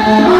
啊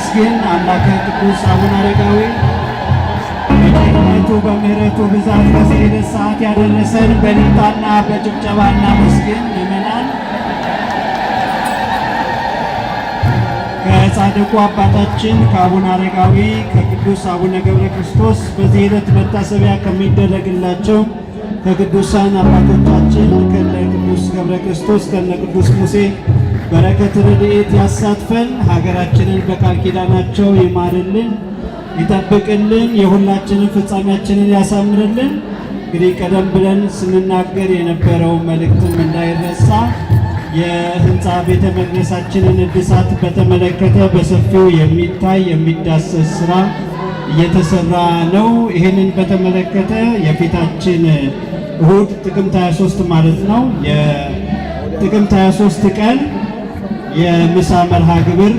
ተመስገን አምላከ ቅዱስ አቡነ አረጋዊ በቸርነቱ በምሕረቱ ብዛት በዚህ ሰዓት ያደረሰን በሊጣና በጭብጨባና መስገን ምእመናን ከጻድቁ አባታችን ከአቡነ አረጋዊ ከቅዱስ አቡነ ገብረ ክርስቶስ በዚህ ዕለት መታሰቢያ ከሚደረግላቸው ከቅዱሳን አባቶቻችን ከነ ቅዱስ ገብረ ክርስቶስ ከነ ቅዱስ ሙሴ በረከት ረድኤት ያሳትፈን። ሀገራችንን በቃል ኪዳናቸው ይማርልን፣ ይጠብቅልን፣ የሁላችንን ፍጻሜያችንን ያሳምርልን። እንግዲህ ቀደም ብለን ስንናገር የነበረው መልእክትም እንዳይረሳ የህንፃ ቤተ መቅደሳችንን እድሳት በተመለከተ በሰፊው የሚታይ የሚዳሰስ ስራ እየተሰራ ነው። ይህንን በተመለከተ የፊታችን እሁድ ጥቅምት 23 ማለት ነው የጥቅምት 23 ቀን የምሳ መርሃ ግብር